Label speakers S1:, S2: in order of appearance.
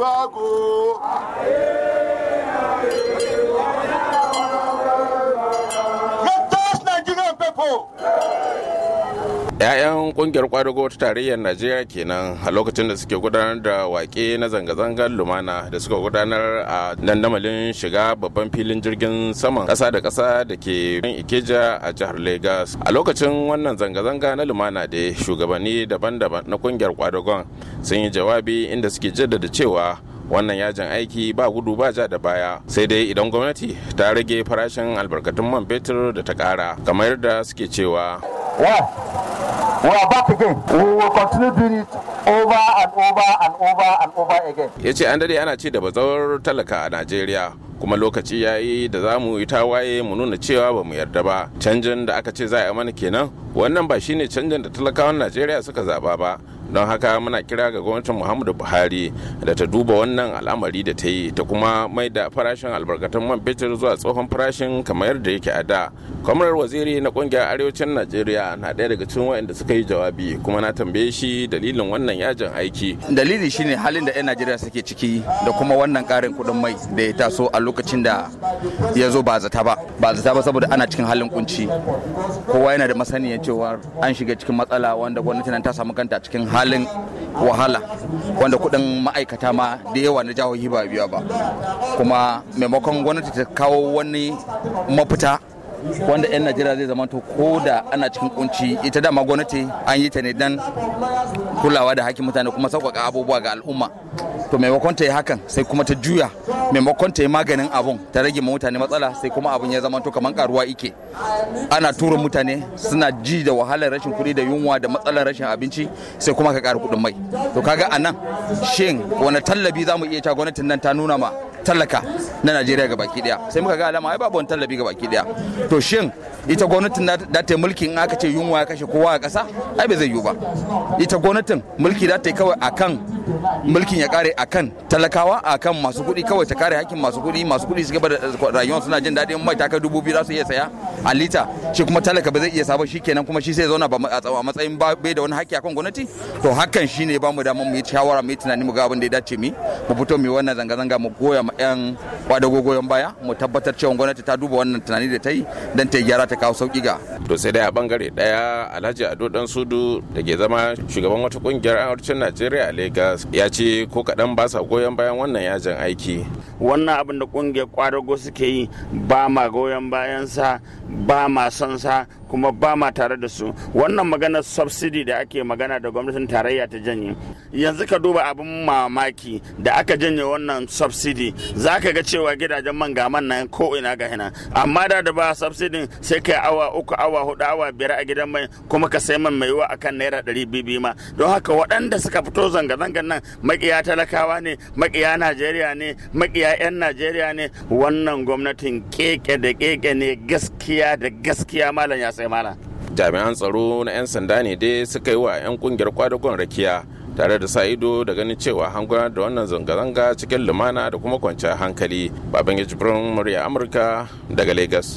S1: ṣẹ́gun. Let us Nigerian people.
S2: 'ya'yan kungiyar kwadago ta tarayyar najeriya kenan a lokacin da suke gudanar da wake na zanga-zangar lumana da suka gudanar a dandamalin shiga babban filin jirgin saman kasa da kasa da ke ikeja a jihar lagos a lokacin wannan zanga-zanga na lumana da shugabanni daban-daban na kungiyar kwadagon sun yi jawabi inda suke jaddada cewa wannan yajin aiki ba gudu ba ja da baya sai dai idan gwamnati ta rage farashin albarkatun man fetur da ta kara kamar da suke cewa
S3: we are back again we will continue doing it over
S2: and over and over and over again ya ce an dade ana ce da bazawar talaka a najeriya kuma lokaci ya yi da za mu yi tawaye mu nuna cewa ba mu yarda ba canjin da aka ce za a yi mana kenan wannan ba shine canjin da talakawan najeriya suka zaba ba don haka muna kira ga gwamnatin muhammadu buhari da ta duba wannan al'amari da ta yi ta kuma mai da farashin albarkatun man fetur zuwa tsohon farashin kamar yadda yake a da kwamarar waziri na kungiyar arewacin najeriya na ɗaya daga cikin waɗanda suka yi jawabi kuma na tambaye shi dalilin wannan yajin aiki
S3: dalili shine halin da 'yan najeriya suke ciki da kuma wannan karin kuɗin mai da ya taso a lokacin da ya zo ba zata ba ba zata ba saboda ana cikin halin kunci kowa yana da masaniya cewa an shiga cikin matsala wanda gwamnati nan ta samu kanta cikin halin wahala wanda kuɗin ma'aikata ma da yawa na jihohi ba biya ba kuma maimakon gwamnati ta kawo wani mafita wanda 'yan najeriya zai zama to ko da ana cikin kunci ita dama gwamnati an yi ta ne dan kulawa da hakkin mutane kuma sauƙaƙa abubuwa ga al'umma to maimakon ta yi hakan sai kuma ta juya maimakon ta yi maganin abun ta rage ma mutane matsala sai kuma abun ya zama to kamar karuwa ike ana tura mutane suna ji da wahalar rashin kuɗi da yunwa da matsalar rashin abinci sai kuma ka ƙara kuɗin mai to kaga anan shin wani tallabi za mu iya cewa gwamnatin nan ta nuna ma Tallaka na najeriya ga baki daya sai muka ga alama ai babu wani tallafi ga baki daya to shin ita gwamnatin da ta mulki in aka ce yunwa ya kashe kowa a kasa ai bai zai yiwu ba ita gwamnatin mulki da ta yi kawai akan mulkin ya kare a kan talakawa a kan masu kuɗi kawai ta kare hakkin masu kuɗi masu kuɗi su gaba da rayuwar suna jin daɗin mai taka dubu biyu za su iya saya a lita shi kuma talaka ba zai iya shi kenan kuma shi sai zauna a matsayin bai da wani hakki akan gwamnati to hakan shine ba mu da mu yi shawara mu yi tunani mu ga abin da ya dace mu mu fito mu yi wannan zanga-zanga mu goya ma 'yan kwada goyon baya mu tabbatar cewa gwamnati ta duba wannan tunani da ta yi don ta gyara ta kawo sauki ga to sai dai a bangare
S2: daya alhaji ado dan sudu da ke zama shugaban wata kungiyar arewacin najeriya a lagos
S1: ya ce ko kaɗan ba sa goyon bayan wannan yajin aiki wannan abin da kungiyar kwadago suke yi ba ma goyon bayan sa ba ma son sa kuma ba ma tare da su wannan maganar subsidy da ake magana da gwamnatin tarayya ta janye yanzu ka duba abin mamaki da aka janye wannan subsidy za ka ga cewa gidajen man gaman nan ko ina ga hina amma da da ba subsidy sai kai awa uku awa hudu awa biyar a gidan mai kuma ka sai man mai yiwa akan naira ɗari biyu ma don haka waɗanda suka fito zanga-zangan nan makiya talakawa ne makiya najeriya ne makiya 'yan najeriya ne wannan gwamnatin keke da keke ne gaskiya da gaskiya malam ya sai mana.
S2: jami'an tsaro na 'yan sanda ne dai suka yi wa 'yan kungiyar kwadagon rakiya tare da sa ido da ganin cewa an gudanar da wannan zanga-zanga cikin lumana da kuma kwanciyar hankali baban ya murya amurka daga lagos